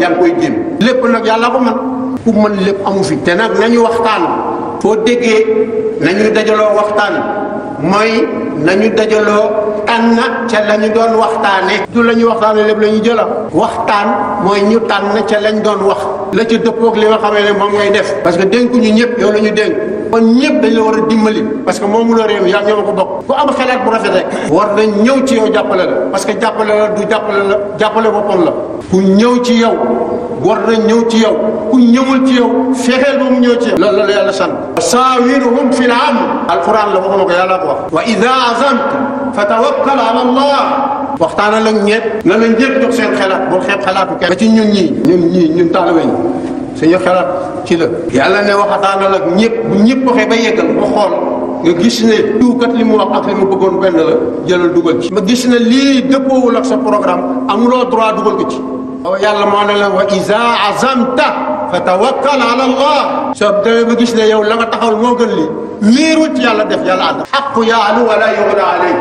yaa ngi koy lépp na yàlla ko man ku mën lépp amu fi te nag nañu waxtaan foo déggee nañuy dajaloo waxtaan mooy nañu dajaloo tànn ca la ñu doon waxtaane du la ñuy waxtaane lépp la ñuy jëla ah. waxtaan mooy ñu tànn ca lañ doon wax la ca dëppoog li nga xamee ne moom ngay def parce que dénkuñu ñëpp yow la ñu dénk kon ñëpp dañ la war a dimbali parce que moom la réew yaa ñoo ma ko bokk ku am xalaat bu rafet rek war na ñëw ci yow jàppale la parce que jàppale la du jàppale la jàppale boppam la ku ñëw ci yow gor na ñëw ci yow ku ñëwul ci yow fexeel ba mu ñëw ci yow loolu la yàlla sant saawiruhum fi l amr alquran la waxuma ko yàlla ko wax wa ida azamta fa tawakkal ala allah waxtaana lañ ñepp na lañ ñepp jox seen xalaat bul xeeb xalaatu kenn ba ci ñun ñii ñun ñii ñun taalibe ñi suñu xalaat ci la yàlla ne waxataana la ñëpp bu ñëpp waxee ba yeggal ba xool nga gis ne tuukat li mu wax ak li mu bëggoon benn la jëlal dugal ci ma gis ne lii dëppoowul ak sa programme amuloo droit dugal ko ci يلا ما لا واذا عزمت فتوكل على الله شاب دا ما غيش لا يا ولا تخول مو قال لي ميرو تي يلا ديف يلا عند حق يا علو ولا يغنى عليك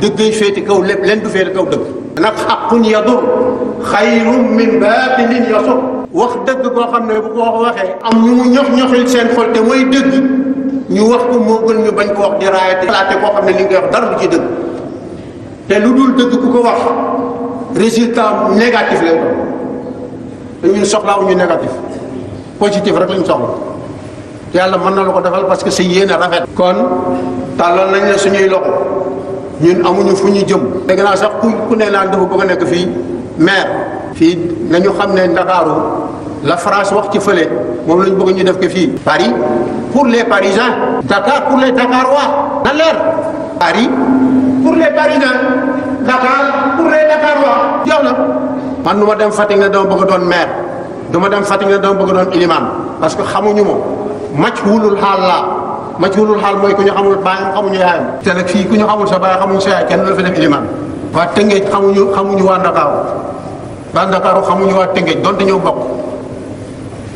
دك فيتك ولب لند فيلك ودك انا حق يضر خير من باب من يصر واخ دك كو خامنا بو كو واخي ام نيو نيو نيو سين فولت موي دك ني واخ كو مو قال ني بان كو واخ دي رايتي لاتي كو خامنا ني غي واخ دار بو سي دك تي لودول دك كو كو واخ résultat négatif lay doon ñun soxlaawuñu négatif positif rek lañ soxla yàlla mën na la ko defal parce que si yéene rafet. kon tàllal nañ la suñuy loxo ñun amuñu fu ñu jëm. dégg naa sax ku ku ne naa dafa bëgg a nekk fii maire. fii nañu xam ne Ndakaaru la France wax ci fële moom lañu bëgg ñu def ko fii. Paris pour les Parisiens. Dakar pour les Dakarois. na leer. Paris pour les Parisiens. Dakar. pour rey Dakar wax jox man du ma dem Fatick ne dama bëgg doon maire du ma dem Fatick ne dama bëgg doon ilimaan parce que xamuñu ma mac wulul xaal laa mac wulul xaal mooy ku ñu xamul baayam xamuñu yaayam te nag fii ku ñu xamul sa baay xamuñu sa yaay kenn la fi ilimaan waa Tëngéej xamuñu xamuñu waa Ndakaaru waa Ndakaaru xamuñu waa Tëngéej donte ñëw bokk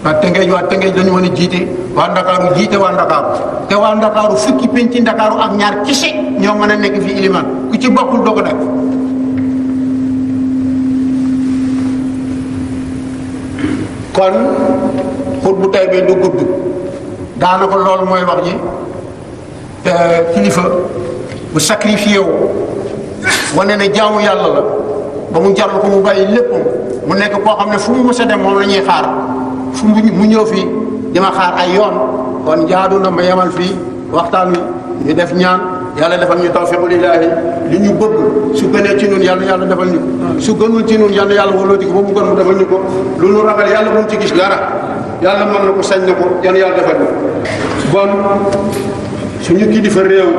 waa Tëngéej waa Tëngéej dañu mën a jiite waa Ndakaaru jiite waa Ndakaaru te waa Ndakaaru fukki ñaar kese ñoo kon xut bu tey bee du gudd daanaka loolu mooy wax ji kilifa bu sacrifié wu wane ne jaamu yàlla la ba mu jarlu ko mu bàyyi lépp mu nekk koo xam ne fu mu mës a moom la ñuy xaar fu mu ñëw fii dima xaar ay yoon kon jaadu na ma yemal fii waxtaan wi ñu def ñaan yalla defal ñu tawfiqu lillahi li ñu bëgg su gëné ci ñun yalla yalla defal ñu su gënul ci ñun yalla yalla wolo diko bu mu gënul defal ñu ko lu ñu ragal yalla bu ci gis dara yalla man nako sañ nako yalla yalla defal ñu bon suñu kilifa réew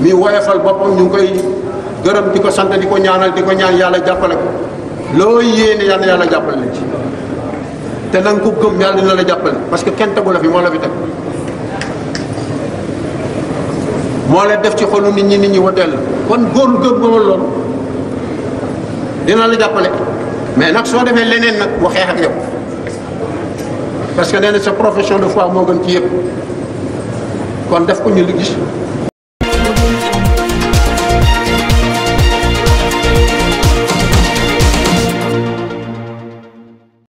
mi woyafal bopam ñu koy gërëm diko sant diko ñaanal diko ñaan yalla jappale ko lo yene yalla yalla jappale ci té nang ko gëm yalla dina la jappale parce que kenn tagu la fi mo la fi tek moo leen def ci xolu nit ñi nit ñi woteel kon góorlu gëm gëmal loolu dina la jàppale mais nag soo defee leneen nag mu xeex yow parce que nee na sa profession de fois moo gën ci yëpp kon def ko ñu li gis